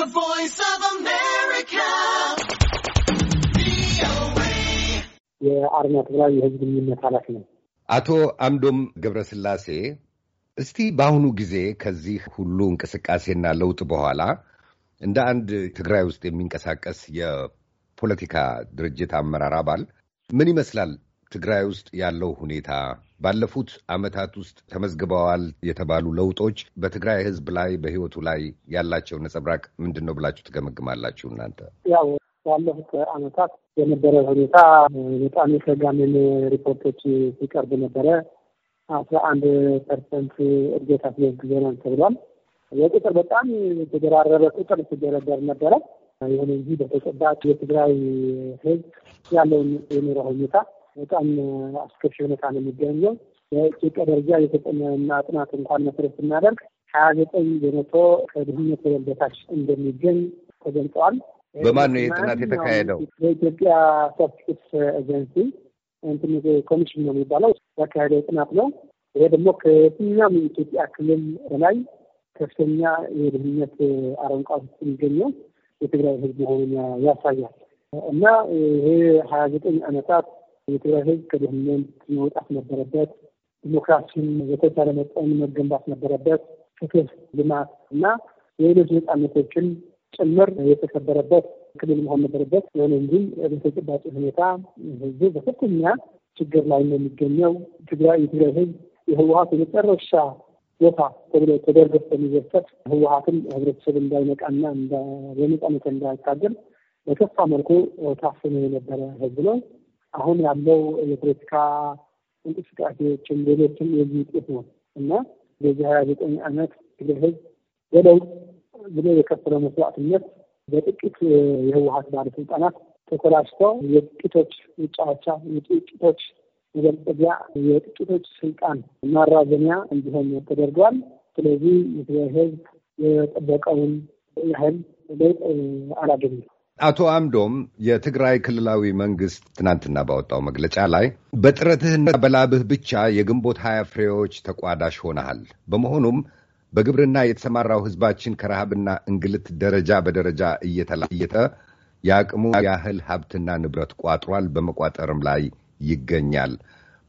The Voice of America. የአርሚያ ትግራዊ የህዝብ ግንኙነት ኃላፊ ነው። አቶ አምዶም ገብረስላሴ፣ እስቲ በአሁኑ ጊዜ ከዚህ ሁሉ እንቅስቃሴና ለውጥ በኋላ እንደ አንድ ትግራይ ውስጥ የሚንቀሳቀስ የፖለቲካ ድርጅት አመራር አባል ምን ይመስላል ትግራይ ውስጥ ያለው ሁኔታ ባለፉት ዓመታት ውስጥ ተመዝግበዋል የተባሉ ለውጦች በትግራይ ህዝብ ላይ በህይወቱ ላይ ያላቸው ነጸብራቅ ምንድን ነው ብላችሁ ትገመግማላችሁ እናንተ? ያው ባለፉት ዓመታት የነበረ ሁኔታ በጣም የተጋነነ ሪፖርቶች ሲቀርብ ነበረ። አስራ አንድ ፐርሰንት እድገት አስመዝግበናል ተብሏል። የቁጥር በጣም የተደራረበ ቁጥር ሲደረደር ነበረ። ይሁን እንጂ በተጨባጭ የትግራይ ህዝብ ያለውን የኑሮ ሁኔታ በጣም አስከፊ ሁኔታ ነው የሚገኘው። በኢትዮጵያ ደረጃ የተጠና ጥናት እንኳን መሰረት ስናደርግ ሀያ ዘጠኝ በመቶ ከድህነት ወለል በታች እንደሚገኝ ተገልጸዋል። በማን ነው ጥናት የተካሄደው? በኢትዮጵያ ስታቲስቲክስ ኤጀንሲ እንትን ኮሚሽን ነው የሚባለው ያካሄደው ጥናት ነው። ይሄ ደግሞ ከየትኛውም የኢትዮጵያ ክልል በላይ ከፍተኛ የድህነት አረንቋ ውስጥ የሚገኘው የትግራይ ህዝብ መሆኑን ያሳያል እና ይሄ ሀያ ዘጠኝ ዓመታት የትግራይ ህዝብ ከድህነት መውጣት ነበረበት። ዲሞክራሲን የተቻለ መጠን መገንባት ነበረበት። ፍትህ፣ ልማት እና የሌሎች ነጻነቶችን ጭምር የተከበረበት ክልል መሆን ነበረበት። ይሁን እንጂ በተጨባጭ ሁኔታ ህዝቡ በከፍተኛ ችግር ላይ ነው የሚገኘው። ትግራይ የትግራይ ህዝብ የህወሀት የመጨረሻ ቦታ ተብሎ ተደርገት የሚወሰድ ህወሀትን ህብረተሰብ እንዳይነቃና በነጻነት እንዳይታገል በከፋ መልኩ ታፍኖ የነበረ ህዝብ ነው። አሁን ያለው የፖለቲካ እንቅስቃሴዎችን ሌሎችም የዚህ ውጤት ነው እና በዚህ ሀያ ዘጠኝ ዓመት ትግል ህዝብ በለውጥ ብሎ የከፈለው መስዋዕትነት በጥቂት የህወሀት ባለስልጣናት ተኮላሽተው የጥቂቶች ውጫዋቻ የጥቂቶች መገልጸቢያ የጥቂቶች ስልጣን ማራዘሚያ እንዲሆን ተደርጓል። ስለዚህ የትግራይ ህዝብ የጠበቀውን ያህል ለውጥ አላገኘም። አቶ አምዶም የትግራይ ክልላዊ መንግስት ትናንትና ባወጣው መግለጫ ላይ በጥረትህና በላብህ ብቻ የግንቦት ሀያ ፍሬዎች ተቋዳሽ ሆነሃል። በመሆኑም በግብርና የተሰማራው ህዝባችን ከረሃብና እንግልት ደረጃ በደረጃ እየተለየተ የአቅሙ ያህል ሀብትና ንብረት ቋጥሯል፣ በመቋጠርም ላይ ይገኛል።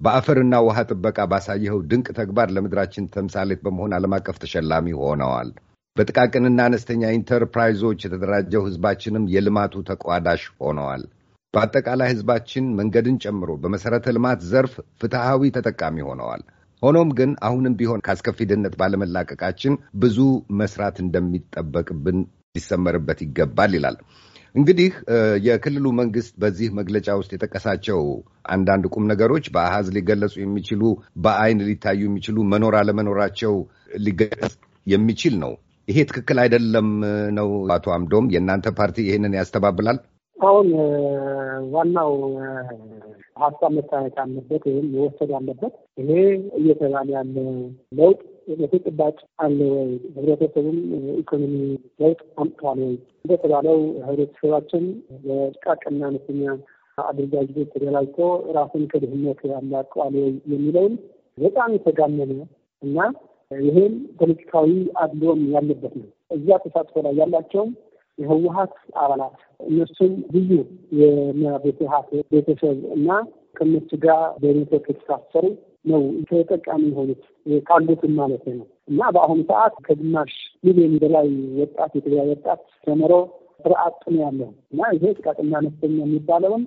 በአፈርና ውሃ ጥበቃ ባሳየኸው ድንቅ ተግባር ለምድራችን ተምሳሌት በመሆን ዓለም አቀፍ ተሸላሚ ሆነዋል። በጥቃቅንና አነስተኛ ኢንተርፕራይዞች የተደራጀው ህዝባችንም የልማቱ ተቋዳሽ ሆነዋል። በአጠቃላይ ህዝባችን መንገድን ጨምሮ በመሰረተ ልማት ዘርፍ ፍትሐዊ ተጠቃሚ ሆነዋል። ሆኖም ግን አሁንም ቢሆን ከአስከፊ ድህነት ባለመላቀቃችን ብዙ መስራት እንደሚጠበቅብን ሊሰመርበት ይገባል ይላል። እንግዲህ የክልሉ መንግስት በዚህ መግለጫ ውስጥ የጠቀሳቸው አንዳንድ ቁም ነገሮች በአሃዝ ሊገለጹ የሚችሉ በአይን ሊታዩ የሚችሉ መኖር አለመኖራቸው ሊገለጽ የሚችል ነው። ይሄ ትክክል አይደለም ነው? አቶ አምዶም የእናንተ ፓርቲ ይህንን ያስተባብላል? አሁን ዋናው ሀሳብ መታየት አለበት ወይም መወሰድ አለበት። ይሄ እየተባለ ያለ ለውጥ በተጨባጭ አለ ወይ? ህብረተሰቡም ኢኮኖሚ ለውጥ አምጥቷል ወይ? እንደተባለው ህብረተሰባችን በጥቃቅንና አነስተኛ አደረጃጀቶች ተደራጅቶ ራሱን ከድህነት ያላቀዋል ወይ የሚለውን በጣም የተጋመነ እና ይህም ፖለቲካዊ አድሎም ያለበት ነው። እዚያ ተሳትፎ ላይ ያላቸውም የህወሀት አባላት እነሱም ልዩ የቤተሀት ቤተሰብ እና ከነሱ ጋር በኔትወርክ የተሳሰሩ ነው ተጠቃሚ የሆኑት ካሉትም ማለት ነው። እና በአሁኑ ሰዓት ከግማሽ ሚሊዮን በላይ ወጣት የትግራይ ወጣት ተምሮ ስራ አጥ ነው ያለው እና ይሄ ጥቃቅና አነስተኛ የሚባለውን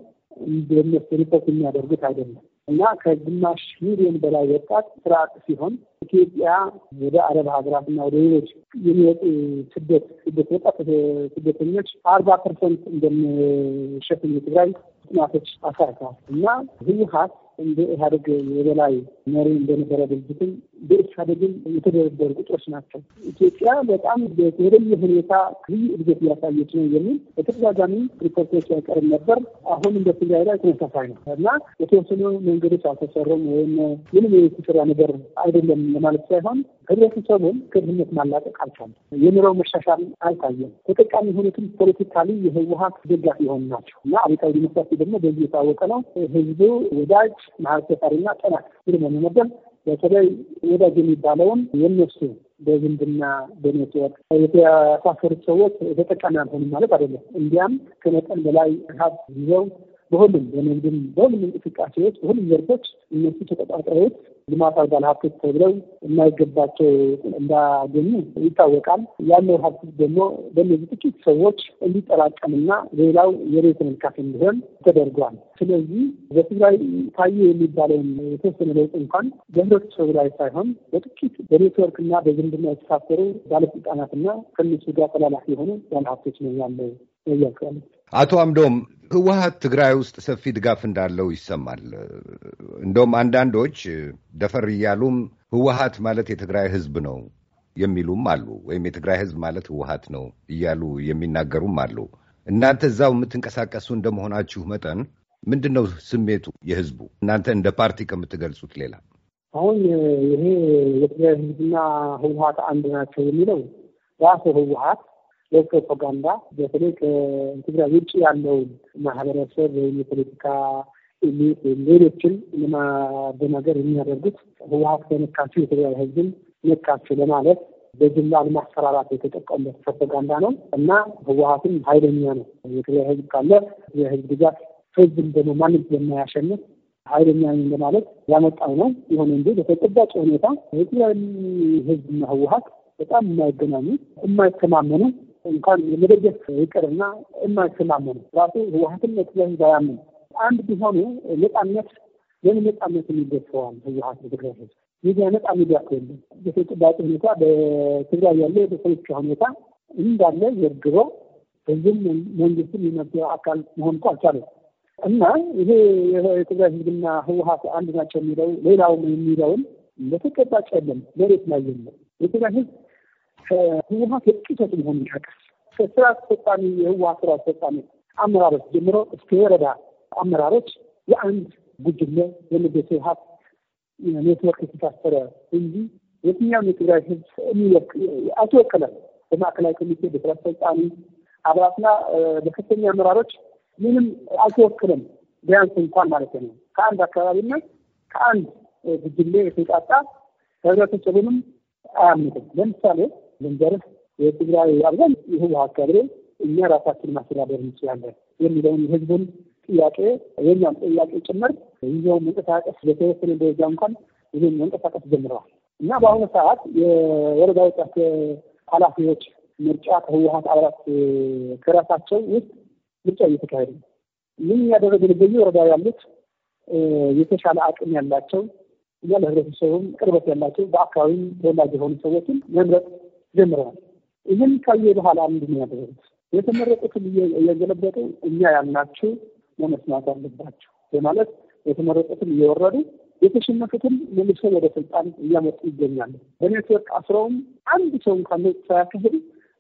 በእነሱ ሪፖርት የሚያደርጉት አይደለም። እና ከግማሽ ሚሊዮን በላይ ወጣት ስራ አጥ ሲሆን ኢትዮጵያ ወደ አረብ ሀገራት እና ወደ ሌሎች የሚወጡ ስደት ስደት ወጣት ስደተኞች አርባ ፐርሰንት እንደሚሸፍን የትግራይ ጥናቶች አሳይተዋል። እና ህወሀት እንደ ኢህአዴግ የበላይ መሪ እንደነበረ ድርጅትም በኢሳደግን የተደረደሩ ቁጥሮች ናቸው። ኢትዮጵያ በጣም በተለየ ሁኔታ ልዩ እድገት እያሳየች ነው የሚል በተደጋጋሚ ሪፖርቶች ያቀርብ ነበር። አሁን እንደ ትግራይ ላይ ተመሳሳይ ነው እና የተወሰኑ መንገዶች አልተሰሩም ወይም ምንም የተሰራ ነገር አይደለም ለማለት ሳይሆን ህብረተሰቡን ከድህነት ማላቀቅ አልቻለም። የኑሮው መሻሻል አልታየም። ተጠቃሚ የሆኑትም ፖለቲካሊ የህወሀት ደጋፊ የሆኑ ናቸው እና አብዮታዊ ዲሞክራሲ ደግሞ በዚህ የታወቀ ነው። ህዝቡ ወዳጅ፣ ማህበረሰብ ፈጣሪና ጠላት ብሎ ነበር። በተለይ ወዳጅ የሚባለውን የነሱ በዝምድና በኔትወርክ የተሳሰሩት ሰዎች ተጠቃሚ አልሆኑም ማለት አይደለም። እንዲያም ከመጠን በላይ ሀብት ይዘው በሁሉም በንግድም በሁሉም እንቅስቃሴዎች በሁሉም ዘርፎች እነሱ ተቆጣጣሪዎች ልማታዊ ባለሀብቶች ተብለው የማይገባቸው እንዳገኙ ይታወቃል። ያለው ሀብት ደግሞ በእነዚህ ጥቂት ሰዎች እንዲጠራቀምና ሌላው የቤት መልካት እንዲሆን ተደርጓል። ስለዚህ በትግራይ ታየ የሚባለውን የተወሰነ ለውጥ እንኳን በህብረተሰቡ ላይ ሳይሆን በጥቂት በኔትወርክ በኔትወርክና በዝምድና የተሳሰሩ ባለስልጣናትና ከነሱ ጋር ተላላፊ የሆኑ ባለሀብቶች ነው ያለው ያያቃሉ አቶ አምዶም ህወሀት ትግራይ ውስጥ ሰፊ ድጋፍ እንዳለው ይሰማል። እንደውም አንዳንዶች ደፈር እያሉም ህወሀት ማለት የትግራይ ህዝብ ነው የሚሉም አሉ፣ ወይም የትግራይ ህዝብ ማለት ህወሀት ነው እያሉ የሚናገሩም አሉ። እናንተ እዛው የምትንቀሳቀሱ እንደመሆናችሁ መጠን ምንድን ነው ስሜቱ የህዝቡ እናንተ እንደ ፓርቲ ከምትገልጹት ሌላ? አሁን ይሄ የትግራይ ህዝብና ህወሀት አንድ ናቸው የሚለው ራሱ ህወሀት የፕሮፓጋንዳ በተለይ ከትግራይ ውጭ ያለውን ማህበረሰብ ወይም የፖለቲካ ኤሊት ወይም ሌሎችን ለማደናገር የሚያደርጉት ህወሀት በነካቸው የትግራይ ህዝብን ነካቸው ለማለት በጅምላ ለማስፈራራት የተጠቀሙበት ፕሮፓጋንዳ ነው እና ህወሀትም ኃይለኛ ነው። የትግራይ ህዝብ ካለ የህዝብ ድጋፍ ህዝብን ደግሞ ማንም የማያሸንፍ ኃይለኛ ነኝ ለማለት ያመጣው ነው። ይሁን እንጂ በተጨባጭ ሁኔታ የትግራይ ህዝብና ህወሀት በጣም የማይገናኙ የማይተማመኑ እንኳን የመደገፍ ይቅርና የማይተማመኑ ራሱ ህወሀትን ለህዝብ አያምኑ አንድ ቢሆኑ ነጻነት ለን ነጻነት የሚደሰዋል ህወሀት በትግራይ ህዝብ ሚዲያ ነጻ ሚዲያ ከሆነ በተጨባጭ ሁኔታ በትግራይ ያለ የፖለቲካ ሁኔታ እንዳለ ዘርግቦ ህዝብም መንግስትም የመፍትሄ አካል መሆን እኮ አልቻለም። እና ይሄ የትግራይ ህዝብና ህወሀት አንድ ናቸው የሚለው ሌላውም የሚለውን በተጨባጭ የለም፣ መሬት ላይ የለም። የትግራይ ህዝብ ከህወሀት የጥቂቶች መሆኑ ይጠቀስ ከስራ አስፈጻሚ የህወሀት ስራ አስፈጻሚ አመራሮች ጀምሮ እስከ ወረዳ አመራሮች የአንድ ቡድን ነው የምደት ህወሀት ኔትወርክ የተሳሰረ እንጂ የትኛውም የትግራይ ህዝብ አልተወከለም። በማዕከላዊ ኮሚቴ በስራ አስፈጻሚ አባላትና በከፍተኛ አመራሮች ምንም አልተወክልም። ቢያንስ እንኳን ማለት ነው ከአንድ አካባቢና ከአንድ ጉጅሌ የተውጣጣ ህብረተሰቡንም አያምንም። ለምሳሌ ልንገርህ የትግራይ አብዛኛው የህወሓት ካድሬ እኛ ራሳችን ማስተዳደር እንችላለን የሚለውን የህዝቡን ጥያቄ የኛም ጥያቄ ጭምር ይዘው መንቀሳቀስ በተወሰነ ደረጃ እንኳን ይህን መንቀሳቀስ ጀምረዋል እና በአሁኑ ሰዓት የወረዳዎች ኃላፊዎች ምርጫ ከህወሀት አባላት ከራሳቸው ውስጥ ምርጫ እየተካሄደ ነው። ይህን ምን ያደረግን በየወረዳ ያሉት የተሻለ አቅም ያላቸው እና ለህብረተሰቡም ቅርበት ያላቸው በአካባቢም ተወላጅ የሆኑ ሰዎችን መምረጥ ጀምረዋል። ይህን ካየ በኋላ ምንድን ነው ያደረጉት? የተመረጡትን እየገለበጡ እኛ ያልናችሁ መመስማት አለባቸው በማለት የተመረጡትን እየወረዱ የተሸነፉትን መልሶ ወደ ስልጣን እያመጡ ይገኛሉ። በኔትወርክ አስረውም አንድ ሰው እንኳን ሳያካሂድ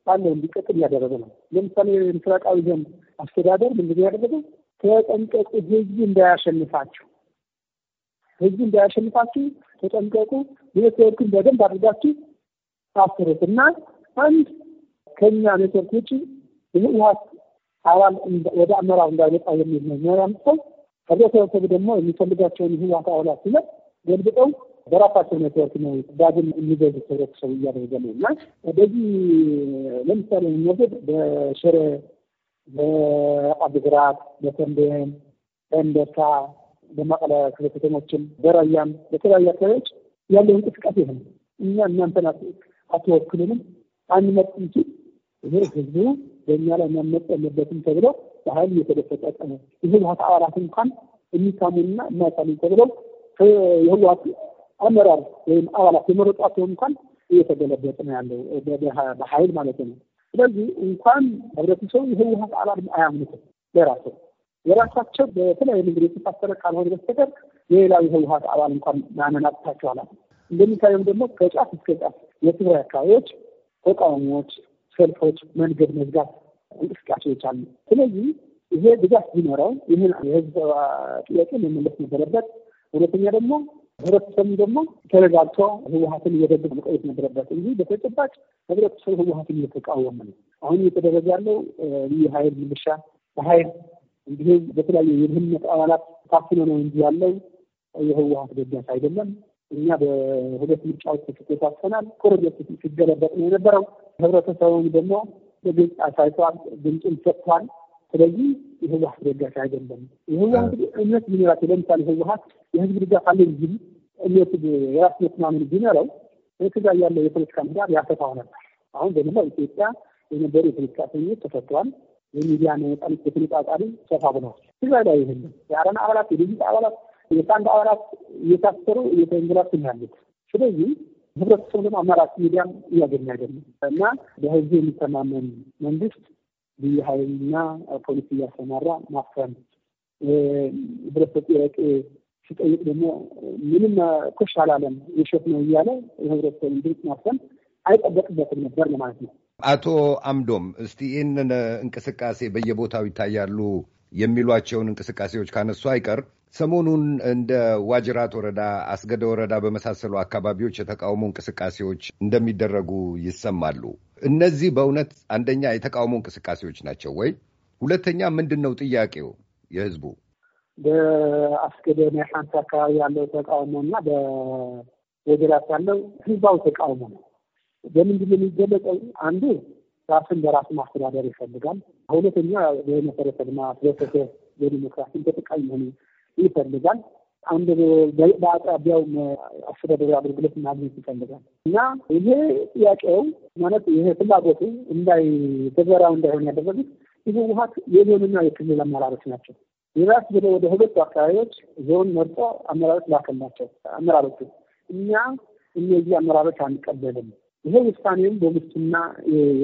ባለው እንዲቀጥል እያደረገ ነው። ለምሳሌ የምስራቃዊ ዞን አስተዳደር ምንድን ያደረገው? ተጠንቀቁ፣ ህዝብ እንዳያሸንፋችሁ፣ ህዝብ እንዳያሸንፋችሁ ተጠንቀቁ፣ ኔትወርክን በደንብ አድርጋችሁ ታሰሩት እና አንድ ከኛ ኔትወርክ ውጭ የህወሀት አባል ወደ አመራር እንዳይመጣ የሚል ነው መመሪያ ከዚያ ህብረተሰቡ ደግሞ የሚፈልጋቸውን የህወሀት አባላት ሲለት ገልብጠው በራሳቸው ኔትወርክ ነው ዳግም የሚገዙ ህብረተሰቡ እያደረገ ነው እና በዚህ ለምሳሌ የሚወስድ በሽረ በአዲግራት፣ በተንቤን፣ በእንደርታ፣ በመቀለ ክፍለ ከተሞችም በራያም በተለያዩ አካባቢዎች ያለው እንቅስቃሴ ነው። እኛ እናንተና አትወክሉንም አንመጥም ሲል ይሄ ህዝቡ በእኛ ላይ መመጽ ያለበትም ተብለው በኃይል እየተደፈጠጠ ነው። የህወሀት አባላት እንኳን የሚታሙና የማይታሙ ተብለው የህወሀት አመራር ወይም አባላት የመረጧቸው እንኳን እየተገለበጥ ነው ያለው በሀይል ማለት ነው። ስለዚህ እንኳን ህብረተሰቡ የህወሀት አባላት አያምኑትም። ለራሰው የራሳቸው በተለያዩ መንገድ የተሳሰረ ካልሆነ በስተቀር የሌላው የህወሀት አባል እንኳን ማመን አቅቷቸዋል። እንደሚታየም ደግሞ ከጫፍ እስከ ጫፍ የትግራይ አካባቢዎች ተቃዋሚዎች፣ ሰልፎች፣ መንገድ መዝጋት እንቅስቃሴዎች አሉ። ስለዚህ ይሄ ድጋፍ ቢኖረው ይህን የህዝብ ጥያቄ መመለስ ነበረበት። ሁለተኛ ደግሞ ህብረተሰብም ደግሞ ተረጋግቶ ህወሀትን እየደግፍ መቆየት ነበረበት እንጂ በተጨባጭ ህብረተሰብ ህወሀትን እየተቃወመ ነው። አሁን እየተደረገ ያለው የሀይል ምልሻ በሀይል እንዲሁም በተለያዩ የድህነት አባላት ታፍኖ ነው እንጂ ያለው የህወሀት ደጋፊ አይደለም። እኛ በሁለት ምርጫዎች ስኬት አጥተናል። ኮረጆች ሲገለበጥ ነው የነበረው። ህብረተሰቡን ደግሞ በግልጽ አሳይቷል፣ ድምፁን ሰጥቷል። ስለዚህ የህወሀት ደጋፊ አይደለም። የህወሀት እምነት ቢኖራቸው ለምሳሌ ህወሀት የህዝብ ድጋፍ አለ እንጂ እምነት የራስ መስማምን ቢኖረው ከዛ ያለው የፖለቲካ ምህዳር ያሰፋው ነበር። አሁን ደግሞ ኢትዮጵያ የነበሩ የፖለቲካ እስረኞች ተፈተዋል። የሚዲያ ነጻነት በተነጻጻሪ ሰፋ ብለዋል። ትግራይ ላይ ይህም የአረና አባላት የድርጅት አባላት የፋንድ አባላት እየታሰሩ እየተንገላቱ ነው ያሉት። ስለዚህ ህብረተሰቡ ደግሞ አማራጭ ሚዲያም እያገኘ አይደለም እና በህዝብ የሚተማመን መንግስት ልዩ ሀይልና ፖሊስ እያሰማራ ማፈን ህብረተሰብ ጥያቄ ሲጠይቅ ደግሞ ምንም ኩሽ አላለም የሸት ነው እያለ የህብረተሰብ ድምፅ ማፈን አይጠበቅበትም ነበር ለማለት ነው። አቶ አምዶም እስቲ ይህንን እንቅስቃሴ በየቦታው ይታያሉ የሚሏቸውን እንቅስቃሴዎች ካነሱ አይቀር ሰሞኑን እንደ ዋጅራት ወረዳ፣ አስገደ ወረዳ በመሳሰሉ አካባቢዎች የተቃውሞ እንቅስቃሴዎች እንደሚደረጉ ይሰማሉ። እነዚህ በእውነት አንደኛ የተቃውሞ እንቅስቃሴዎች ናቸው ወይ? ሁለተኛ ምንድን ነው ጥያቄው የህዝቡ? በአስገደ ሜርሳንት አካባቢ ያለው ተቃውሞ እና በወጀራት ያለው ህዝባዊ ተቃውሞ ነው። በምንድን ነው የሚገለጸው? አንዱ ራስን በራስ ማስተዳደር ይፈልጋል። ሁለተኛ የመሰረተ ልማት በፍትህ የዲሞክራሲ ተጠቃሚ መሆኑ ይፈልጋል። አንድ በአቅራቢያው አስተዳደሩ አገልግሎት ማግኘት ይፈልጋል እና ይሄ ጥያቄው ማለት ይሄ ፍላጎቱ እንዳይ ተግባራዊ እንዳይሆን ያደረጉት የህወሀት የዞንና የክልል አመራሮች ናቸው። የራስ ወደ ወደ ሁለቱ አካባቢዎች ዞን መርጦ አመራሮች ላከላቸው። አመራሮቹ እኛ እነዚህ አመራሮች አንቀበልም ይሄ ውሳኔውም በሙስና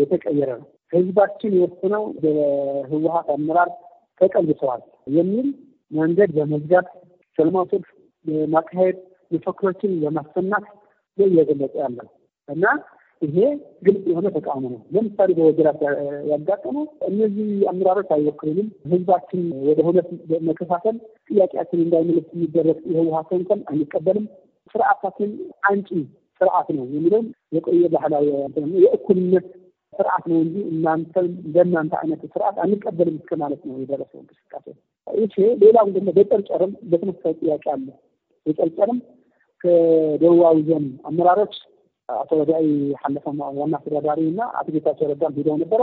የተቀየረ ነው። ህዝባችን የወሰነው በህወሀት አመራር ተቀልብሰዋል የሚል መንገድ በመዝጋት ሰልማቶች ማካሄድ መፈክሮችን በማሰማት እየገለጸ ያለው እና ይሄ ግልጽ የሆነ ተቃውሞ ነው። ለምሳሌ በወገራት ያጋጠመው እነዚህ አመራሮች አይወክሉንም፣ ህዝባችን ወደ ሁለት መከፋፈል ጥያቄያችን እንዳይመለስ የሚደረግ የህወሀት ሰንቀን አንቀበልም፣ ስርዓታችን አንጪ ስርዓት ነው የሚለውን የቆየ ባህላዊ የእኩልነት ስርዓት ነው እንጂ እናንተ ለእናንተ አይነት ስርዓት አንቀበልም እስከ ማለት ነው የደረሰው እንቅስቃሴ። ይህ ሌላው ደግሞ በጨርጨርም በተመሳሳይ ጥያቄ አለ። በጨርጨርም ከደቡባዊ ዞን አመራሮች አቶ ወዳይ ሐለፈ ዋና አስተዳዳሪ እና አቶ ጌታቸው ረዳም ሄደው ነበረ።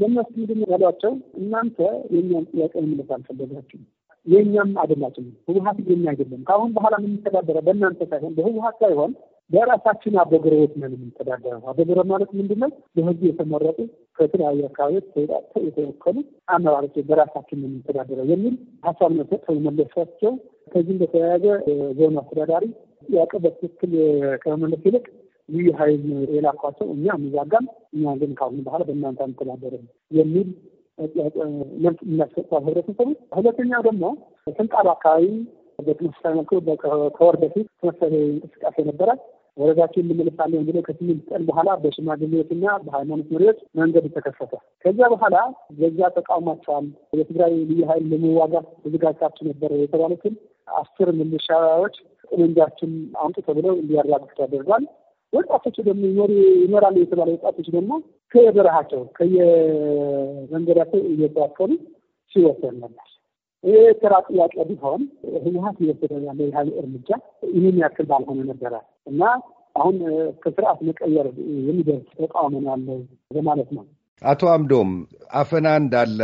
ለእነሱ ምንድን ያሏቸው እናንተ የእኛን ጥያቄ መመለስ አልፈለጋችሁም የእኛም አይደላችም፣ ህወሀት የኛ አይደለም። ከአሁን በኋላ የምንተዳደረው በእናንተ ሳይሆን በህወሀት ሳይሆን በራሳችን አበግረቦች ነን የምንተዳደረው። አበግረ ማለት ምንድነው? በህዝብ የተመረጡ ከተለያዩ አካባቢዎች ተወጣጥተው የተወከሉ አመራሮች በራሳችን የምንተዳደረው የሚል ሀሳብ ነው መለሳቸው። ከዚህም በተያያዘ ዞኑ አስተዳዳሪ ጥያቄ በትክክል ከመመለስ ይልቅ ልዩ ሀይል የላኳቸው እኛ ሚዛጋም እኛ ግን ካሁን በኋላ በእናንተ አንተዳደርም የሚል መልስ የሚያሰጣል ህብረተሰቡ። ሁለተኛው ደግሞ ስልጣን አካባቢ በተመሳሳይ መልኩ ከወር በፊት ተመሳሳይ እንቅስቃሴ ነበረ። ወረዳችን እንመልሳለን ብሎ ከስምንት ቀን በኋላ በሽማግሌዎችና በሃይማኖት መሪዎች መንገድ ተከፈተ። ከዚያ በኋላ በዛ ተቃውሟቸዋል። የትግራይ ልዩ ኃይል ለመዋጋት ተዘጋጅታችሁ ነበረ የተባሉትን አስር ሚሊሻዎች ጠመንጃችን አምጡ ተብለው እንዲያራግፉ ተደርጓል። ወጣቶች ደግሞ ይኖራሉ የተባለ ወጣቶች ደግሞ ከበረሃቸው ከየመንገዳቸው እየተዋከሉ ሲወሰን ነበር። ይህ ስራ ጥያቄ ቢሆን ህወሓት እየወሰደ ያለ የሀይል እርምጃ ይህን ያክል ባልሆነ ነበረ እና አሁን ከስርዓት መቀየር የሚደርስ ተቃውሞ ነው ያለው በማለት ነው። አቶ አምዶም አፈና እንዳለ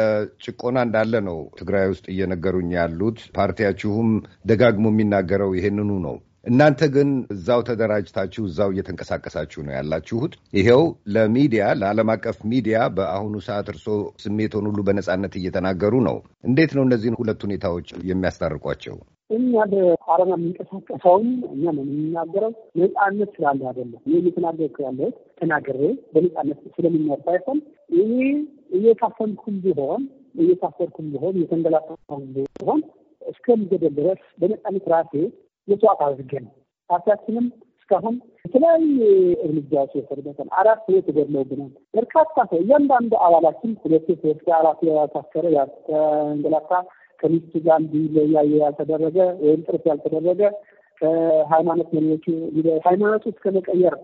ጭቆና እንዳለ ነው ትግራይ ውስጥ እየነገሩኝ ያሉት። ፓርቲያችሁም ደጋግሞ የሚናገረው ይሄንኑ ነው። እናንተ ግን እዛው ተደራጅታችሁ እዛው እየተንቀሳቀሳችሁ ነው ያላችሁት። ይሄው ለሚዲያ ለዓለም አቀፍ ሚዲያ በአሁኑ ሰዓት እርስዎ ስሜቶን ሁሉ በነፃነት እየተናገሩ ነው። እንዴት ነው እነዚህን ሁለት ሁኔታዎች የሚያስታርቋቸው? እኛ በአረና የምንቀሳቀሰውም እኛ ነው የምንናገረው ነፃነት ስላለ አይደለም። ይህ እየተናገርኩ ያለሁት ተናግሬ በነፃነት ስለሚኖር ሳይሆን ይሄ እየታፈንኩም ቢሆን እየታሰርኩም ቢሆን እየተንገላታኩም ቢሆን እስከምገደል ድረስ በነፃነት ራሴ የጠዋት አድርጌ ነው። ፓርቲያችንም እስካሁን የተለያዩ እርምጃዎች የወሰድበታል። አራት ሰዎች ተገድለውብናል። በርካታ ሰው እያንዳንዱ አባላችን ሁለት ሰዎች አራት ያልታሰረ ያልተንገላታ ከሚስቱ ጋር እንዲለያየ ያልተደረገ ወይም ጥርስ ያልተደረገ ከሃይማኖት መሪዎቹ ሃይማኖቱ እስከ መቀየር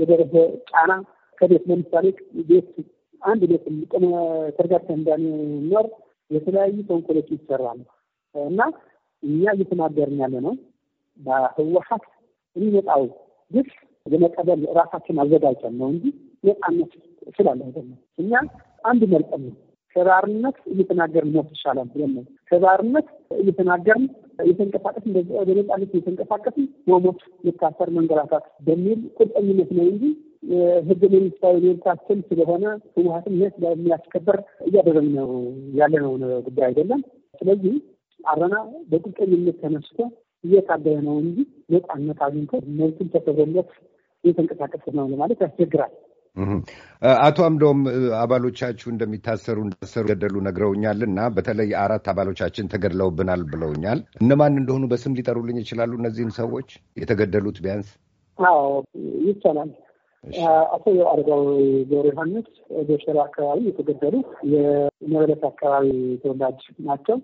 የደረሰ ጫና ከቤት ለምሳሌ ቤት አንድ ቤት ጥመ ተርጋት እንዳንኖር የተለያዩ ተንኮሎች ይሰራሉ እና እኛ እየተናገርን ያለ ነው በህወሀት የሚመጣው ግፍ ለመቀበል ራሳችን አዘጋጅተን ነው እንጂ ነጻነት ስላለ አይደለም። እኛ አንድ መርጠን ነው ከባርነት እየተናገርን ሞት ይሻላል ብለን ነው ከባርነት እየተናገርን እየተንቀሳቀስን በነጻነት እየተንቀሳቀስን መሞት፣ መታሰር፣ መንገላታት በሚል ቁርጠኝነት ነው እንጂ ህገ መንግስታዊ ሁኔታችን ስለሆነ ህወሀትን ነት የሚያስከበር እያደረግን ነው ያለ ነው ጉዳይ አይደለም። ስለዚህ አረና በቁርጠኝነት ተነስቶ እየታበየ ነው እንጂ ነጻነት አግኝቶ መብቱን ተሰበለት እየተንቀሳቀሰ ነው ለማለት ያስቸግራል። አቶ አምዶም አባሎቻችሁ እንደሚታሰሩ እንዳሰሩ ገደሉ ነግረውኛል እና በተለይ አራት አባሎቻችን ተገድለውብናል ብለውኛል። እነማን እንደሆኑ በስም ሊጠሩልኝ ይችላሉ? እነዚህን ሰዎች የተገደሉት ቢያንስ? ይቻላል። አቶ አርጋው ገብረ ዮሐንስ በሸራ አካባቢ የተገደሉ የመበለት አካባቢ ተወላጅ ናቸው።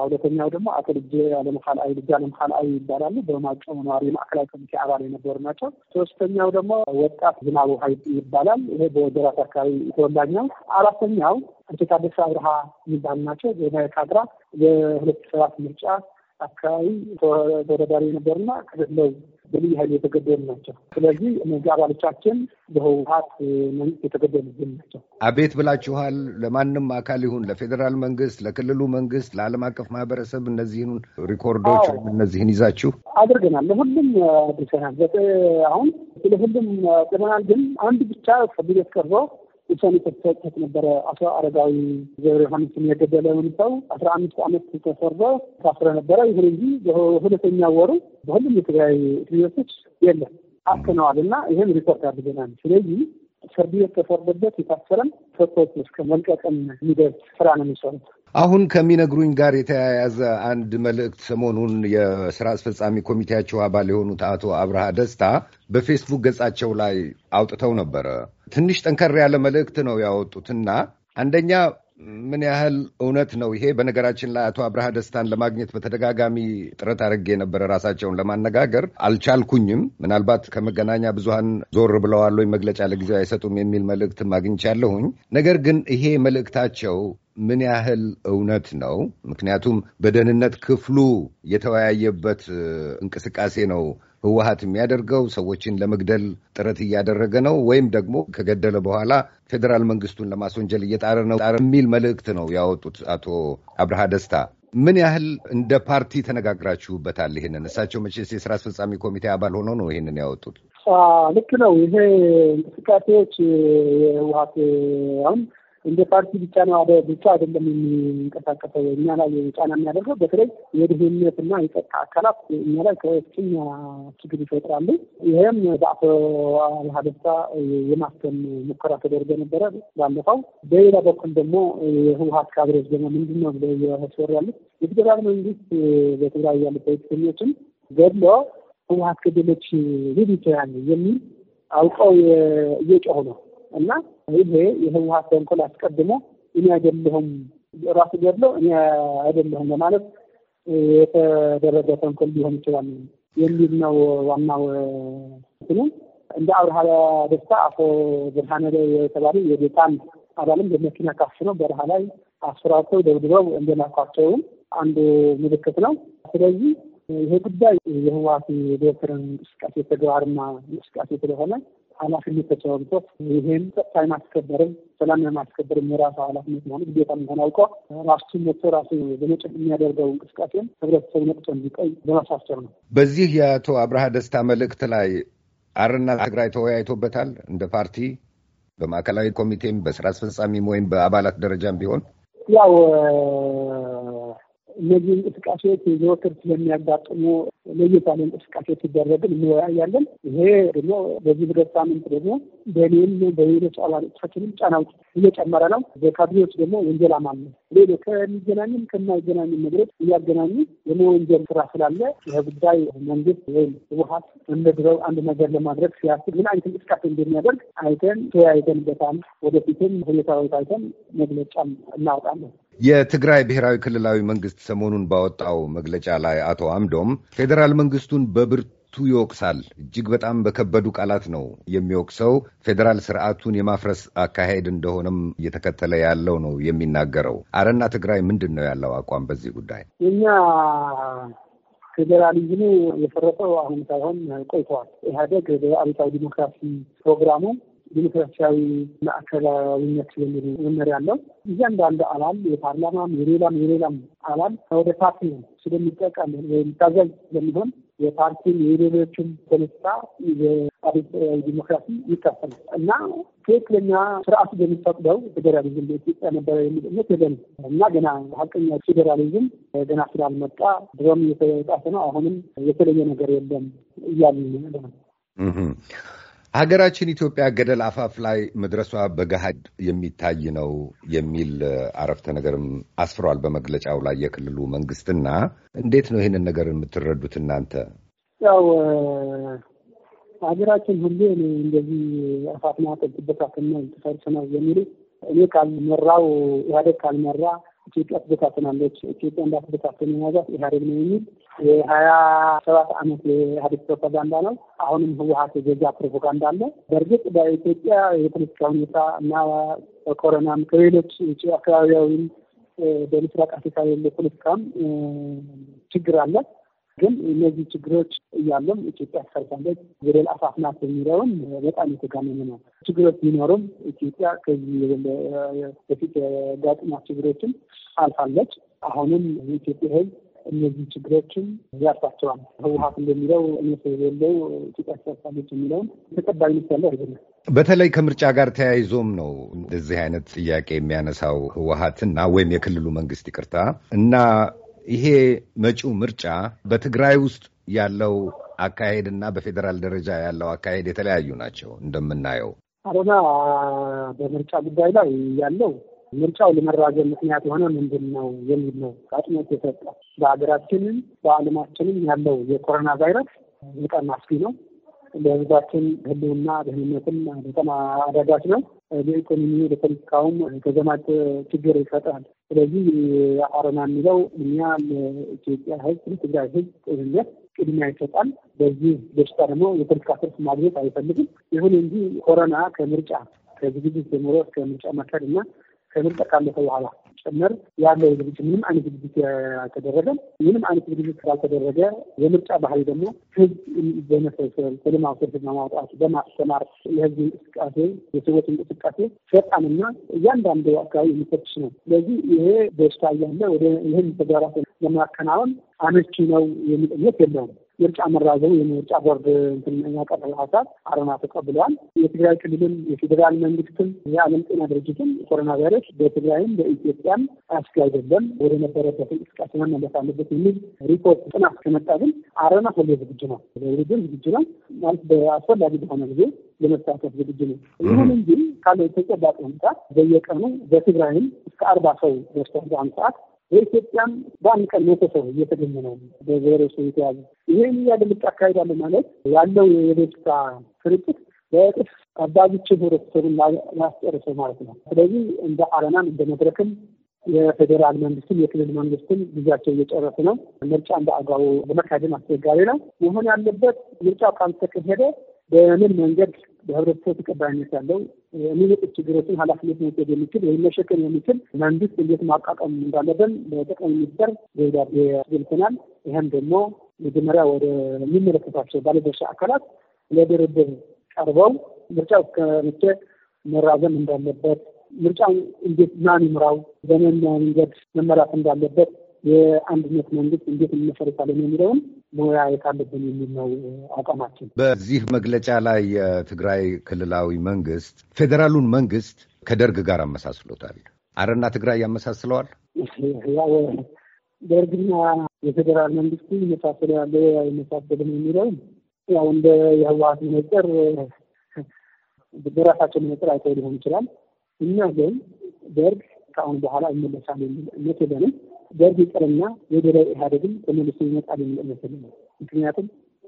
ሁለተኛው ደግሞ አቶ ልጄ አለምካልአይ ልጄ አለምካልአይ ይባላሉ። በማይጨው ነዋሪ ማዕከላዊ ኮሚቴ አባል የነበሩ ናቸው። ሶስተኛው ደግሞ ወጣት ዝናቡ ሀይል ይባላል። ይሄ በወደራት አካባቢ ተወላጅ ነው። አራተኛው አቶ ታደሰ አብርሃ የሚባሉ ናቸው። ዜና የካድራ የሁለት ሰባት ምርጫ አካባቢ ተወዳዳሪ የነበሩና ከገለው በልዩ ኃይል የተገደሉ ናቸው። ስለዚህ እነዚህ አባሎቻችን በህወሀት መንግስት የተገደሉብን ናቸው። አቤት ብላችኋል። ለማንም አካል ይሁን ለፌዴራል መንግስት፣ ለክልሉ መንግስት፣ ለዓለም አቀፍ ማህበረሰብ እነዚህን ሪኮርዶች እነዚህን ይዛችሁ አድርገናል። ለሁሉም አድርሰናል። አሁን ለሁሉም ጥለናል። ግን አንድ ብቻ ከብት ቀርበው ውሳኔ ተሰጥቶት ነበረ። አቶ አረጋዊ ገብረ ዮሐንስን የገደለውን ሰው አስራ አምስት ዓመት ተፈርዶ ታስረ ነበረ። ይሁን እንጂ በሁለተኛው ወሩ በሁሉም የትግራይ ትቤቶች የለም አስተነዋል እና ይህም ሪፖርት አድርገናል። ስለዚህ ፍርድ ቤት ተፈርዶበት የታሰረም ፈቶት እስከ መልቀቅም የሚደርስ ስራ ነው የሚሰሩት። አሁን ከሚነግሩኝ ጋር የተያያዘ አንድ መልእክት ሰሞኑን የስራ አስፈጻሚ ኮሚቴያቸው አባል የሆኑት አቶ አብርሃ ደስታ በፌስቡክ ገጻቸው ላይ አውጥተው ነበረ። ትንሽ ጠንከር ያለ መልእክት ነው ያወጡትና አንደኛ ምን ያህል እውነት ነው ይሄ? በነገራችን ላይ አቶ አብርሃ ደስታን ለማግኘት በተደጋጋሚ ጥረት አድርጌ የነበረ ራሳቸውን ለማነጋገር አልቻልኩኝም። ምናልባት ከመገናኛ ብዙሃን ዞር ብለዋል ወይ መግለጫ ለጊዜው አይሰጡም የሚል መልእክትም አግኝቻለሁኝ። ነገር ግን ይሄ መልእክታቸው ምን ያህል እውነት ነው? ምክንያቱም በደህንነት ክፍሉ የተወያየበት እንቅስቃሴ ነው ህወሀት የሚያደርገው ሰዎችን ለመግደል ጥረት እያደረገ ነው ወይም ደግሞ ከገደለ በኋላ ፌዴራል መንግስቱን ለማስወንጀል እየጣረ ነው የሚል መልእክት ነው ያወጡት አቶ አብርሃ ደስታ። ምን ያህል እንደ ፓርቲ ተነጋግራችሁበታል? ይህንን እሳቸው መቼስ የስራ አስፈጻሚ ኮሚቴ አባል ሆነው ነው ይህንን ያወጡት። ልክ ነው። ይሄ እንቅስቃሴዎች የህወሀት አሁን እንደ ፓርቲ ብቻ ነው አደ ብቻ አይደለም የሚንቀሳቀሰው እኛ ላይ ጫና የሚያደርገው በተለይ የድህነት እና የጸጥታ አካላት እኛ ላይ ከፍተኛ ችግር ይፈጥራሉ። ይህም በአቶ አልሀደሳ የማስተን ሙከራ ተደርገ ነበረ ባለፈው። በሌላ በኩል ደግሞ የህወሀት ካድሬዎች ደግሞ ምንድን ነው ብለው እያሰሩ ያሉት የፌዴራል መንግስት በትግራይ ያሉ ፖለቲከኞችን ገድሎ ህወሀት ገደለች ሊድ ይችላል የሚል አውቀው እየጮሁ ነው እና ይሄ የህወሀት ተንኮል አስቀድሞ እኔ አይደለሁም ራሱ ገድሎ እኔ አይደለሁም ለማለት የተደረገ ተንኮል ሊሆን ይችላል የሚል ነው ዋናው እንትኑ። እንደ አብርሃ ደስታ አቶ ብርሃነ ላይ የተባለ የቤታን አባልም በመኪና ካፍነው በረሃ ላይ አስራቸው ደብድበው እንደላኳቸውም አንዱ ምልክት ነው። ስለዚህ ይሄ ጉዳይ የህወሀት ዶክተር እንቅስቃሴ ተግባርና እንቅስቃሴ ስለሆነ ኃላፊነት ተጨባብጦት ይህም ጸጥታ የማስከበርም ሰላም የማስከበር የራሱ ኃላፊነት መሆኑ ግዴታ መሆን አውቀ ራሱ መጥቶ ራሱ በመጨፍ የሚያደርገው እንቅስቃሴም ህብረተሰቡ ነቅቶ እንዲቀይ በማሳሰብ ነው። በዚህ የአቶ አብርሃ ደስታ መልእክት ላይ አርና ትግራይ ተወያይቶበታል እንደ ፓርቲ በማዕከላዊ ኮሚቴም በስራ አስፈጻሚም ወይም በአባላት ደረጃም ቢሆን ያው እነዚህ እንቅስቃሴዎች የዘወትር ስለሚያጋጥሙ ለየት ያለ እንቅስቃሴዎች ሲደረግን እንወያያለን። ይሄ ደግሞ በዚህ ብረት ሳምንት ደግሞ በእኔም በሌሎች አባሎቻችንም ጫናው እየጨመረ ነው። በካድሬዎች ደግሞ ወንጀል አማም ሌሎ ከሚገናኝም ከማይገናኝም ነገሮች እያገናኙ ደግሞ ወንጀል ስራ ስላለ ይህ ጉዳይ መንግስት ወይም ህወሀት እንደድሮው አንድ ነገር ለማድረግ ሲያስብ ምን አይነት እንቅስቃሴ እንደሚያደርግ አይተን ተወያይተንበታል። ወደፊትም ሁኔታዊ አይተን መግለጫም እናወጣለን። የትግራይ ብሔራዊ ክልላዊ መንግስት ሰሞኑን ባወጣው መግለጫ ላይ አቶ አምዶም ፌዴራል መንግስቱን በብርቱ ይወቅሳል። እጅግ በጣም በከበዱ ቃላት ነው የሚወቅሰው። ፌዴራል ስርዓቱን የማፍረስ አካሄድ እንደሆነም እየተከተለ ያለው ነው የሚናገረው። አረና ትግራይ ምንድን ነው ያለው አቋም በዚህ ጉዳይ? እኛ ፌዴራሊዝሙ የፈረሰው አሁን ሳይሆን ቆይተዋል። ኢህአዴግ በአብዮታዊ ዲሞክራሲ ፕሮግራሙ ዲሞክራሲያዊ ማዕከላዊነት የሚል መመሪያ አለው። እያንዳንዱ አባል የፓርላማም የሌላም የሌላም አባል ወደ ፓርቲ ስለሚጠቀም ወይም ታዛዥ ስለሚሆን የፓርቲን የሌሎችን ፖለቲካ የአብዮታዊ ዲሞክራሲ ይካፈላል እና ትክክለኛ ስርዓቱ በሚፈቅደው ፌዴራሊዝም በኢትዮጵያ ነበረ የሚል እምነት የለም እና ገና ሀቀኛ ፌዴራሊዝም ገና ስላልመጣ ድሮም የተጣሰ ነው፣ አሁንም የተለየ ነገር የለም እያሉ ነው። ሀገራችን ኢትዮጵያ ገደል አፋፍ ላይ መድረሷ በገሃድ የሚታይ ነው የሚል አረፍተ ነገርም አስፍሯል በመግለጫው ላይ የክልሉ መንግስትና፣ እንዴት ነው ይህንን ነገር የምትረዱት እናንተ? ያው ሀገራችን ሁሌ እኔ እንደዚህ አፋፍ ናት ትበታተና የሚሉ እኔ ካልመራው ኢህአዴግ ካልመራ ኢትዮጵያ ትበታተናለች፣ ኢትዮጵያ እንዳትበታተን የያዛት ኢህአዴግ ነው የሚል የሀያ ሰባት አመት የኢህአዴግ ፕሮፓጋንዳ ነው። አሁንም ህወሀት የገዛ ፕሮፓጋንዳ አለ። በእርግጥ በኢትዮጵያ የፖለቲካ ሁኔታ እና በኮሮናም ከሌሎች ውጭ አካባቢያዊም በምስራቅ አፍሪካ የለ ፖለቲካም ችግር አለ። ግን እነዚህ ችግሮች እያለም ኢትዮጵያ ሰርታለች፣ ገደል አፋፍ ናት የሚለውን በጣም የተጋነነ ነው። ችግሮች ቢኖሩም ኢትዮጵያ ከዚህ በፊት የጋጥማ ችግሮችን አልፋለች። አሁንም የኢትዮጵያ ሕዝብ እነዚህ ችግሮችን ያርፋቸዋል። ህወሀት እንደሚለው እነት የሌለው ኢትዮጵያ ሰርታለች የሚለውን ተቀባይነት ያለው አይደለም። በተለይ ከምርጫ ጋር ተያይዞም ነው እንደዚህ አይነት ጥያቄ የሚያነሳው ህወሀትና ወይም የክልሉ መንግስት ይቅርታ እና ይሄ መጪው ምርጫ በትግራይ ውስጥ ያለው አካሄድ እና በፌዴራል ደረጃ ያለው አካሄድ የተለያዩ ናቸው እንደምናየው። አረና በምርጫ ጉዳይ ላይ ያለው ምርጫው ለመራዘም ምክንያት የሆነ ምንድን ነው የሚል ነው አጥኖት የሰጠ። በሀገራችንም በዓለማችንም ያለው የኮሮና ቫይረስ በጣም አስጊ ነው። ለህዝባችን ህልውና ደህንነትም በጣም አዳጋች ነው። ለኢኮኖሚ፣ ለፖለቲካውም ተዘማጭ ችግር ይፈጥራል። ስለዚህ አረና የሚለው እኛ ኢትዮጵያ ህዝብ ትግራይ ህዝብ ጤንነት ቅድሚያ ይሰጣል። በዚህ በሽታ ደግሞ የፖለቲካ ትርፍ ማግኘት አይፈልግም። ይሁን እንጂ ኮረና ከምርጫ ከዝግጅት ጀምሮ እስከ ምርጫ መካድ እና ከምርጫ ካለፈ በኋላ ጭምር ያለው ዝግጅት ምንም አይነት ዝግጅት አልተደረገም። ምንም አይነት ዝግጅት ስላልተደረገ የምርጫ ባህል ደግሞ ህዝብ በመሰብሰብ በልማቶች በማውጣት በማስተማር የህዝብ እንቅስቃሴ የሰዎች እንቅስቃሴ ፈጣንና እያንዳንዱ አካባቢ የሚፈትሽ ነው። ስለዚህ ይሄ በሽታ እያለ ወደ ይህን ተግባራት ለማከናወን አመቺ ነው የሚል የለውም። የምርጫ መራዘሙ የምርጫ ቦርድ ያቀረበ ሀሳብ አረና ተቀብለዋል። የትግራይ ክልልም የፌዴራል መንግስትም የዓለም ጤና ድርጅትም ኮሮና ቫይረስ በትግራይም በኢትዮጵያም አስጊ አይደለም፣ ወደ ነበረበት እንቅስቃሴ መመለስ አለበት የሚል ሪፖርት ጥናት ከመጣ ግን አረና ሁሌ ዝግጁ ነው፣ ለውድድር ዝግጁ ነው ማለት በአስፈላጊ በሆነ ጊዜ ለመሳተፍ ዝግጁ ነው። ይሁን እንጂ ካለ ተጨባጭ ሁኔታ በየቀኑ በትግራይም እስከ አርባ ሰው ደርሰ በአሁኑ ሰዓት በኢትዮጵያም በአንድ ቀን መቶ ሰው እየተገኘ ነው በቫይረሱ የተያዘ። ይህን እያደመጣ አካሄዳለ ማለት ያለው የበሽታ ስርጭት በእጥፍ አባዞች ህብረተሰቡን ላስጨርሰው ማለት ነው። ስለዚህ እንደ አረናም እንደ መድረክም የፌዴራል መንግስትም የክልል መንግስትም ጊዜያቸው እየጨረሱ ነው። ምርጫ እንደ አግባቡ ለመካሄድም አስቸጋሪ ነው መሆን ያለበት ምርጫው ካልተካሄደ በምን መንገድ በህብረተሰብ ተቀባይነት ያለው የሚመጡ ችግሮችን ኃላፊነት መውሰድ የሚችል ወይም መሸከም የሚችል መንግስት እንዴት ማቋቋም እንዳለብን ለጠቅላይ ሚኒስተር ደብዳቤ አስገልጸናል። ይህም ደግሞ መጀመሪያ ወደ የሚመለከታቸው ባለድርሻ አካላት ለድርድር ቀርበው ምርጫው እስከመቼ መራዘም እንዳለበት፣ ምርጫው እንዴት ማን ይምራው፣ በምን መንገድ መመራት እንዳለበት፣ የአንድነት መንግስት እንዴት እንመሰርታለን የሚለውን ሙያ የታለብን የሚል ነው አቋማችን። በዚህ መግለጫ ላይ የትግራይ ክልላዊ መንግስት ፌዴራሉን መንግስት ከደርግ ጋር አመሳስሎታል። አረና ትግራይ ያመሳስለዋል። ያው ደርግና የፌዴራል መንግስቱ እየታሰለ ያለ አይመሳሰልም የሚለው ያው እንደ የህወሀት መነጽር በራሳቸው መነጽር አይተው ሊሆን ይችላል። እኛ ግን ደርግ ከአሁን በኋላ ይመለሳል የሚል እምነት የለንም። ደርግ ይቅርና የደረ ኢህአዴግም ተመልሶ ይመጣል የሚመስል ነው። ምክንያቱም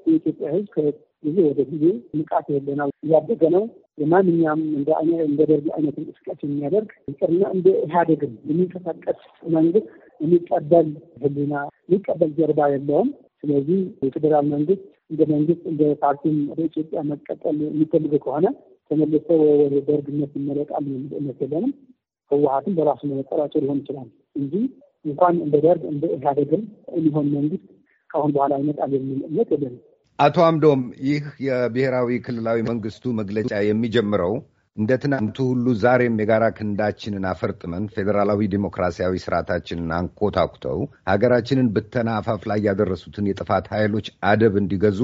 የኢትዮጵያ ህዝብ ከጊዜ ወደ ጊዜ ንቃት የለና እያደገ ነው። የማንኛውም እንደ እንደ ደርግ አይነት እንቅስቃሴ የሚያደርግ ይቅርና እንደ ኢህአዴግም የሚንቀሳቀስ መንግስት የሚቀበል ህሊና የሚቀበል ጀርባ የለውም። ስለዚህ የፌዴራል መንግስት እንደ መንግስት እንደ ፓርቲም ወደ ኢትዮጵያ መቀጠል የሚፈልግ ከሆነ ተመልሶ ወደ ደርግነት ይመለቃል የለንም። ህወሀትም በራሱ መመጠራቸው ሊሆን ይችላል እንጂ እንኳን እንደ ደርግ እንደ ኢህአዴግም የሚሆን መንግስት ከአሁን በኋላ ይመጣል የሚል እምነት የለም። አቶ አምዶም ይህ የብሔራዊ ክልላዊ መንግስቱ መግለጫ የሚጀምረው እንደ ትናንቱ ሁሉ ዛሬም የጋራ ክንዳችንን አፈርጥመን ፌዴራላዊ ዲሞክራሲያዊ ስርዓታችንን አንኮታኩተው ሀገራችንን ብተና አፋፍ ላይ ያደረሱትን የጥፋት ኃይሎች አደብ እንዲገዙ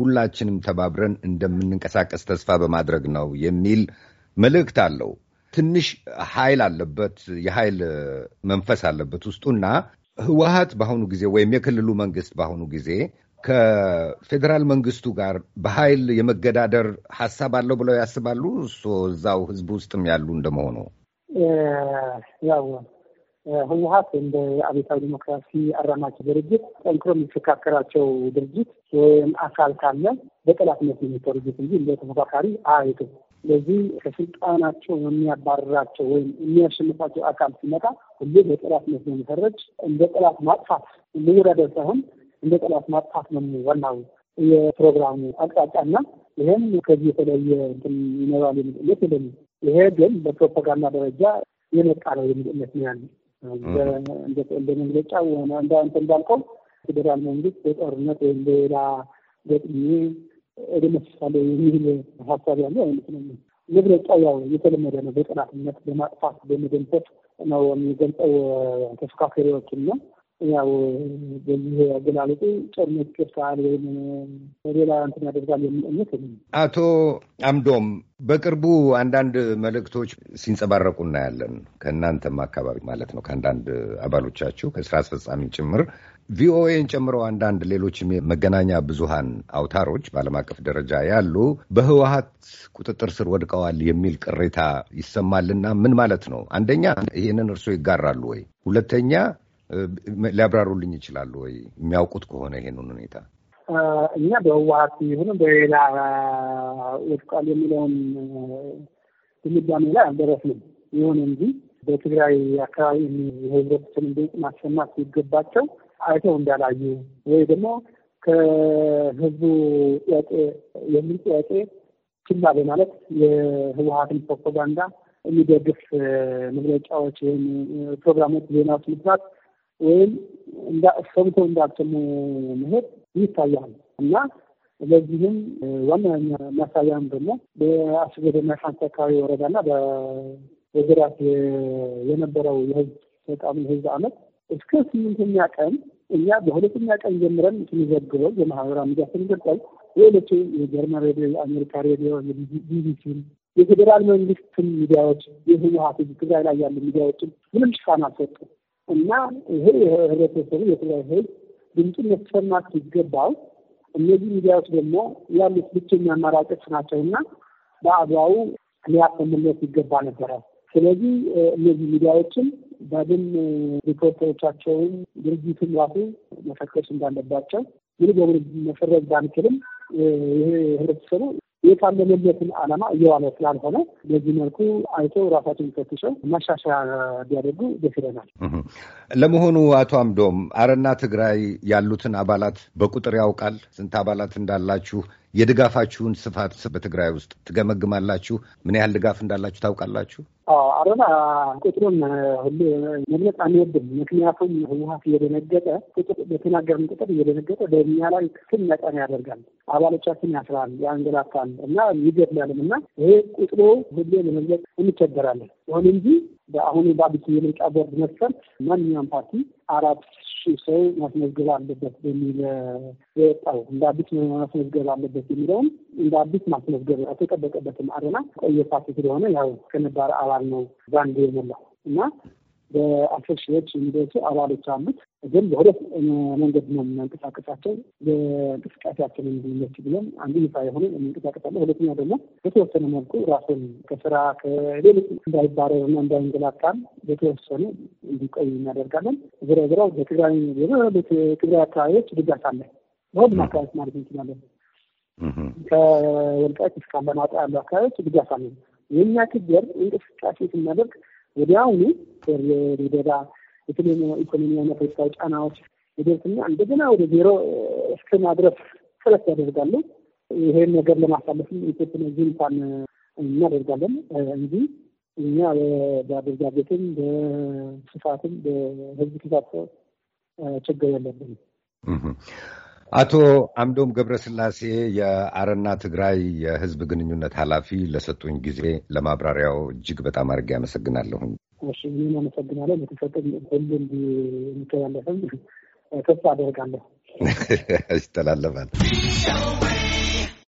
ሁላችንም ተባብረን እንደምንንቀሳቀስ ተስፋ በማድረግ ነው የሚል መልእክት አለው። ትንሽ ኃይል አለበት፣ የኃይል መንፈስ አለበት ውስጡና ህወሀት በአሁኑ ጊዜ ወይም የክልሉ መንግስት በአሁኑ ጊዜ ከፌዴራል መንግስቱ ጋር በኃይል የመገዳደር ሀሳብ አለው ብለው ያስባሉ? እርስዎ እዛው ህዝብ ውስጥም ያሉ እንደመሆኑ ያው ህወሀት እንደ አቤታዊ ዲሞክራሲ አራማች ድርጅት ጠንክሮ የሚፈካከራቸው ድርጅት ወይም አካል ካለ በጠላትነት የሚተው ድርጅት እንጂ እንደ ተፎካካሪ አያዩትም። ስለዚህ ከስልጣናቸው የሚያባርራቸው ወይም የሚያሸንፋቸው አካል ሲመጣ ሁሌ በጠላት መስ የሚፈረጅ እንደ ጠላት ማጥፋት መወዳደር ሳይሆን እንደ ጠላት ማጥፋት ነው ዋናው የፕሮግራሙ አቅጣጫና ይህም ከዚህ የተለየ ይኖራል የሚል እምነት የለኝም። ይሄ ግን በፕሮፓጋንዳ ደረጃ የመጣ ነው የሚል እምነት ነው ያለ። እንደ መግለጫ እንዳንተ እንዳልከው ፌዴራል መንግስት በጦርነት ወይም ሌላ ገጥሜ ለምሳሌ የሚል ሀሳብ ያለው አይመስለኝም። መግለጫ ያው የተለመደ ነው። በጥናትነት በማጥፋት በመደንፈት ነው የሚገልጸው ተሽከርካሪዎችን ነው ያው በዚህ አገላለጡ ጦርነት ይከፍታል ወይም ሌላ እንትን ያደርጋል የሚል እምነት አቶ አምዶም በቅርቡ አንዳንድ መልእክቶች ሲንጸባረቁ እናያለን። ከእናንተም አካባቢ ማለት ነው፣ ከአንዳንድ አባሎቻችሁ ከስራ አስፈጻሚ ጭምር ቪኦኤን ጨምሮ አንዳንድ ሌሎችም የመገናኛ ብዙሃን አውታሮች በዓለም አቀፍ ደረጃ ያሉ በህወሀት ቁጥጥር ስር ወድቀዋል የሚል ቅሬታ ይሰማልና ምን ማለት ነው? አንደኛ ይህንን እርስዎ ይጋራሉ ወይ? ሁለተኛ ሊያብራሩልኝ ይችላሉ ወይ? የሚያውቁት ከሆነ ይሄንን ሁኔታ እኛ በህወሀት ይሁን በሌላ ወድቋል የሚለውን ድምዳሜ ላይ አልደረስንም። ይሁን እንጂ በትግራይ አካባቢ የህብረተሰብ ድምፅ ማሰማት ሲገባቸው አይተው እንዳላዩ ወይ ደግሞ ከህዝቡ ጥያቄ የህዝብ ጥያቄ ችላ በማለት የህወሀትን ፕሮፓጋንዳ የሚደግፍ መግለጫዎች ወይም ፕሮግራሞች፣ ዜናዎች መስራት ወይም ሰምቶ እንዳትሙ መሄድ ይታያል እና ለዚህም ዋነኛ ማሳያም ደግሞ በአስገደና ሻንስ አካባቢ ወረዳና በወገዳት የነበረው የህዝብ ተቃሚ የህዝብ አመት እስከ ስምንተኛ ቀን እኛ በሁለተኛ ቀን ጀምረን ስንዘግበው የማህበራዊ ሚዲያ ስንገልጠው ሌሎቹ የጀርመን ሬዲዮ፣ የአሜሪካ ሬዲዮ፣ ቢቢሲን የፌዴራል መንግስት ሚዲያዎች የህወሀት ትግራይ ላይ ያሉ ሚዲያዎችን ምንም ሽፋን አልሰጡም። እና ይሄ የህብረተሰቡ የትግራይ ህዝብ ድምፁን መስሰማት ሲገባው እነዚህ ሚዲያዎች ደግሞ ያሉት ብቸኛ አማራጮች ናቸው ናቸውና በአግባቡ ሊያሰምለት ይገባ ነበረ። ስለዚህ እነዚህ ሚዲያዎችም ዳግም ሪፖርተሮቻቸውን ድርጅቱን ራሱ መፈከስ እንዳለባቸው ሙሉ በሙሉ መፈረግ ባንችልም ይሄ ህብረተሰቡ የታለመለትን ዓላማ እየዋለ ስላልሆነ በዚህ መልኩ አይቶ ራሳቸውን ፈትሸው መሻሻያ ቢያደርጉ ደስ ይለናል። ለመሆኑ አቶ አምዶም አረና ትግራይ ያሉትን አባላት በቁጥር ያውቃል? ስንት አባላት እንዳላችሁ፣ የድጋፋችሁን ስፋት በትግራይ ውስጥ ትገመግማላችሁ? ምን ያህል ድጋፍ እንዳላችሁ ታውቃላችሁ? አረና ቁጥሩን ሁሉ መግለጽ አንወድም። ምክንያቱም ህወሀት እየደነገጠ ቁጥር በተናገርን ቁጥር እየደነገጠ በእኛ ላይ ክፍል መጠን ያደርጋል፣ አባሎቻችን ያስራል፣ ያንገላታል እና ይገድላልም እና ይሄ ቁጥሩ ሁሉ ለመግለጽ እንቸገራለን። ይሁን እንጂ በአሁኑ በአዲሱ የምርጫ ቦርድ መሰል ማንኛውም ፓርቲ አራት ሺህ ሰው ማስመዝገብ አለበት በሚል የወጣው እንደ አዲስ ማስመዝገብ አለበት የሚለውም እንደ አዲስ ማስመዝገብ አልተጠበቀበትም። አረና ቆየ ፓርቲ ስለሆነ ያው ከነባር አባል ነው ዛንድ የሞላው እና በአስር ሺዎች የሚደርሱ አባሎች አሉት። ግን በሁለት መንገድ ነው የምናንቀሳቀሳቸው የእንቅስቃሴያችን እንዲመች ብለን አንዱ ይፋ የሆነ የምንቀሳቀሳለ፣ ሁለተኛ ደግሞ በተወሰነ መልኩ ራሱን ከስራ ከሌሎች እንዳይባረር እና እንዳይንገላታም በተወሰነ እንዲቆይ እናደርጋለን። ዝረ ዝራ በትግራይ ትግራይ አካባቢዎች ድጋፍ አለ። በሁሉም አካባቢዎች ማለት እንችላለን። ከወልቃይት እስከ አላማጣ ያሉ አካባቢዎች ድጋፍ አለ። የእኛ ችግር እንቅስቃሴ ስናደርግ ወዲያውኑ ደባ የተለያዩ ኢኮኖሚያና ፖለቲካዊ ጫናዎች ይደርስና እንደገና ወደ ዜሮ እስከ ማድረስ ጥረት ያደርጋሉ። ይሄን ነገር ለማሳለፍም ኢትዮጵያ ጅንታን እናደርጋለን እንጂ እኛ በአደረጃጀትም በስፋትም በህዝብ ተሳትፎ ችግር የለብንም። አቶ አምዶም ገብረስላሴ የአረና ትግራይ የህዝብ ግንኙነት ኃላፊ ለሰጡኝ ጊዜ ለማብራሪያው እጅግ በጣም አድርጌ አመሰግናለሁኝ። እኔም አመሰግናለሁ። ለተሰጠኝ ሁሉ እንዲተላለፍም ተስፋ አደርጋለሁ። ይተላለፋል።